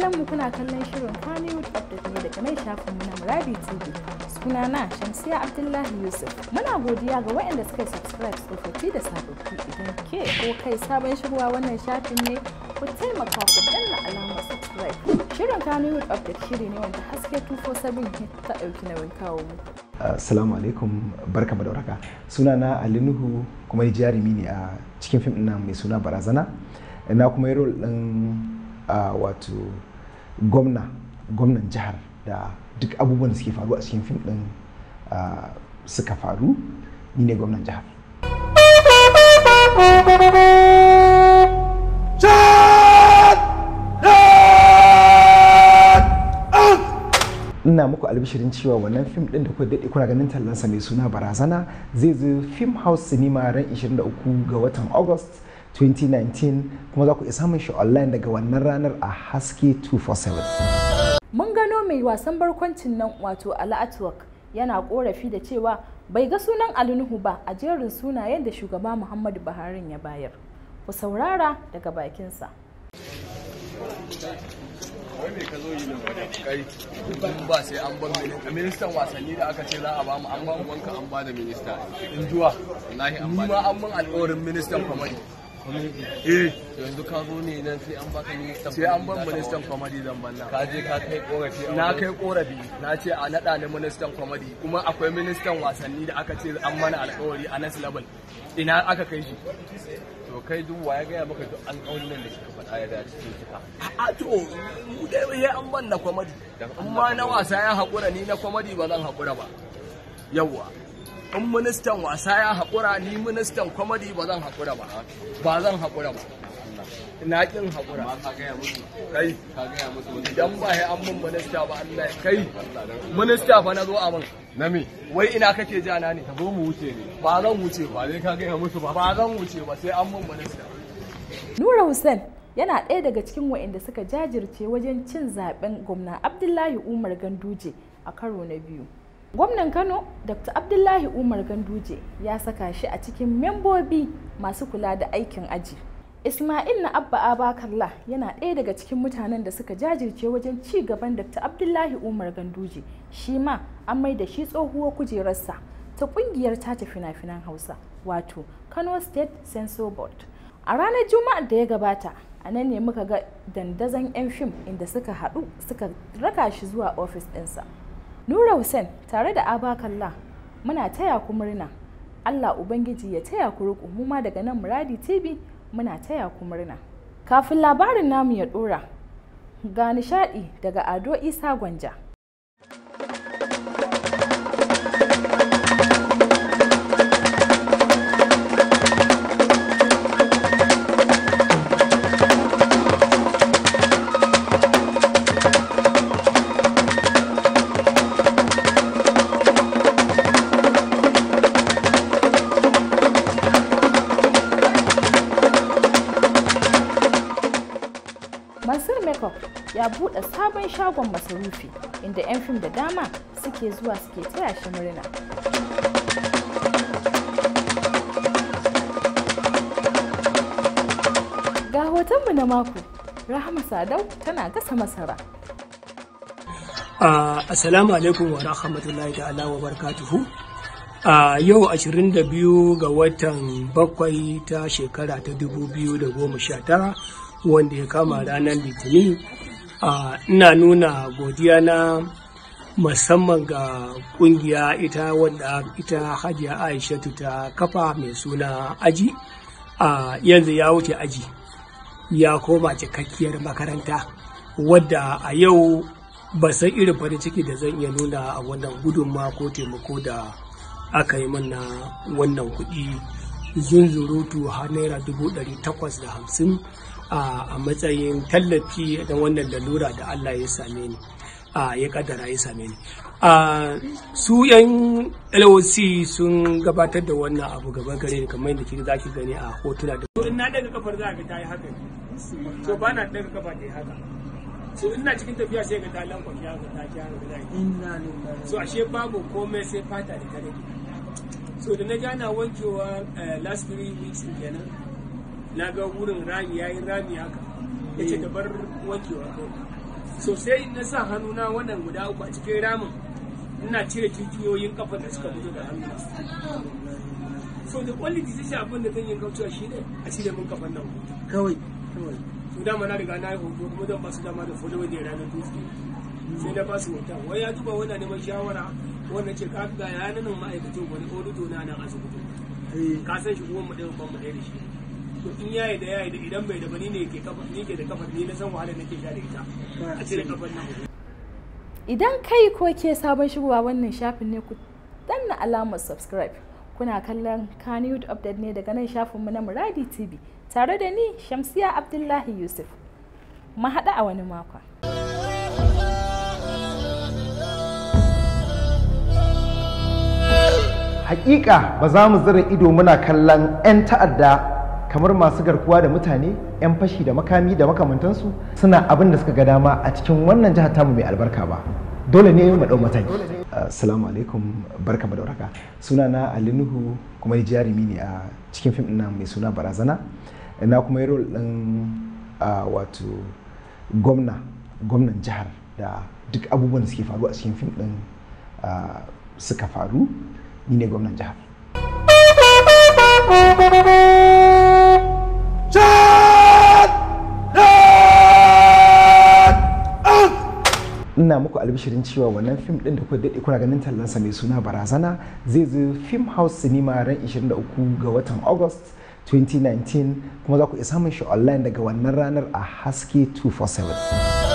kallon mu kuna kallon shirin Hollywood Update ne daga mai shafin mu na Murabi TV. Suna na Shamsiya Abdullahi Yusuf. Muna godiya ga waɗanda suka subscribe tsofaffi da sababbi idan ke ko kai sabon shigowa wannan shafin ne ku taimaka ku danna alamar subscribe. Shirin Hollywood Update shiri ne wanda haske 247 ta ɗauki nauyin kawo mu. Assalamu alaikum barka da warhaka. Suna na Nuhu kuma ni jarumi ne a cikin fim ɗin mai suna Barazana. ina kuma yi rol ɗin wato gwamna gwamnan jihar da duk abubuwan da suke faru a cikin fim din ah, suka faru ni ne gwamnan jihar ina muku albishirin cewa wannan fim din da kuka daɗe kuna ganin tallansa mai suna barazana zai zo fim house cinema ran 23 ga watan august 2019 kuma za ku isa samun shi online daga wannan ranar a haske 247 mun gano mai wasan barkwancin nan wato ala'atwork yana korafi da cewa bai ga sunan alinuhu ba a jerin sunayen da shugaba muhammadu buhari ya bayar ku saurara daga bakinsa wai me ka zo yi nan wajen kai ba sai an ban ministan wasanni da aka ce za a bamu an ba wanka an ba da minista in juwa na an ba an ban alƙawarin ministan famari Eh. yanzu ka zo ne nan sai an baka ministan sai an ban ministan comedy zan balla ka je ka kai korafi na kai korafi na ce a nada ne ministan comedy kuma akwai ministan wasanni da aka ce an mana alƙawari a next level ina aka kai shi to kai duk waya gaya maka duk an kaunin nan da kika faɗa ya dace cikin kika a to mu dai ya an ban na comedy amma na wasa ya haƙura ni na comedy ba zan haƙura ba yawwa in ministan wasa ya haƙura ni ministan kwamadi ba zan haƙura ba ba zan haƙura ba na ƙin haƙura kai idan ba ya an min minista ba Allah kai minista fa na zo a min na me wai ina kake jana ne ka zo mu wuce ne ba zan wuce ba dai ka gaya musu ba ba zan wuce ba sai an min minista Nura Hussein yana ɗaya daga cikin waɗanda suka jajirce wajen cin zaɓen gwamna Abdullahi Umar Ganduje a karo na biyu. gwamnan kano dr abdullahi umar ganduje ya saka shi a cikin membobi masu kula da aikin aji ismail na abba abakalla yana ɗaya daga cikin mutanen da suka jajirce wajen ci gaban dr abdullahi umar ganduje shi ma an mai da shi tsohuwar kujerarsa ta kungiyar tace fina-finan hausa wato kano state censor board a ranar juma'ar da ya gabata a nan ne muka ga dandazon 'yan fim inda suka haɗu suka raka shi zuwa ofis ɗinsa Nura Hussein tare da Aba Kalla muna taya ku murna. Allah Ubangiji ya taya ku riƙo mu ma daga nan Muradi TV muna taya ku murna. Kafin labarin namu ya ɗora, ga nishaɗi daga Ado Isa Gwanja. mansur makeup ya buɗe sabon shagon masarufi inda 'yan fim da dama suke zuwa suke taya shi murna ga hotonmu na mako rahama sadau tana gasa masara Uh, Assalamu alaikum wa rahmatullahi ta'ala wa barakatuhu. A uh, yau 22 ga watan bakwai ta shekara ta 2019 wanda ya kama ranar litinin ina nuna godiya na musamman ga kungiya ita wanda ita hajiya aishatu ta kafa mai suna aji a yanzu ya wuce aji ya koma cikakkiyar makaranta wadda a yau ba san irin farin ciki da zan iya nuna a wannan gudunma ko taimako da aka yi mana wannan kuɗi zunzurutu har naira dubu ɗari takwas da hamsin a matsayin tallafi da wannan lalura da Allah ya same ni ya kadara ya same ni su yan LOC sun gabatar da wannan abu gaban gare ni kamar yadda kika zaki gani a hotuna da to in na daga kafar za ga tayi haka to ba na daga kafa tayi haka so ina cikin tafiya sai ga talan lankwa ya ga ta kyara ga dai inna lillahi so ashe babu komai sai fata da ta rage so da na gana wankewa eh, last three weeks kenan na ga wurin rami ya yi rami haka ya ce eh. bar wankewa so Sosai na sa hannuna wannan guda uku a cikin ramin ina cire jijiyoyin kafar da suka fito da hannu so the only decision abin da zan yi kaucewa shi ne a cire min kafan nan kawai kawai to dama na riga na yi hoto kuma zan ba su dama da fodo ya ranar tuesday sai na basu wata wai ya duba wani neman shawara wanda ce ka ga yanan ma'aikatan wani tona na nan asibiti eh. ka san shi kuma mu ɗaya ban mu ɗaya da shi to in yayi da yayi da idan bai da bani ne ke kafa ni ke da kafa ni na san wahala nake sha da ita a cire kafan nan idan kai ko ke sabon shigowa wannan shafin ne ku danna alamar subscribe kuna kallon Kannywood update ne daga nan shafinmu na Muradi TV tare da ni Shamsiya Abdullahi Yusuf mu a wani makon hakika ba za mu zira ido muna kallon 'yan ta'adda kamar masu garkuwa da mutane 'yan fashi da makami da makamantansu suna abin da suka ga dama a cikin wannan jihar tamu mai albarka ba dole ne mu ɗau mataki assalamu alaikum barka da warhaka suna na alinuhu kuma ni jarumi ne a cikin fim ɗin mai suna barazana ina kuma yi rol ɗin wato gwamna gwamnan jihar da duk abubuwan da suke faru a cikin fim ɗin suka faru ni ne gwamnan jihar ina muku albishirin cewa wannan fim din da kuka daɗe kuna ganin tallansa mai suna barazana zai zo film house cinema ran 23 ga watan august 2019 kuma za ku iya samun shi online daga wannan ranar a haske 247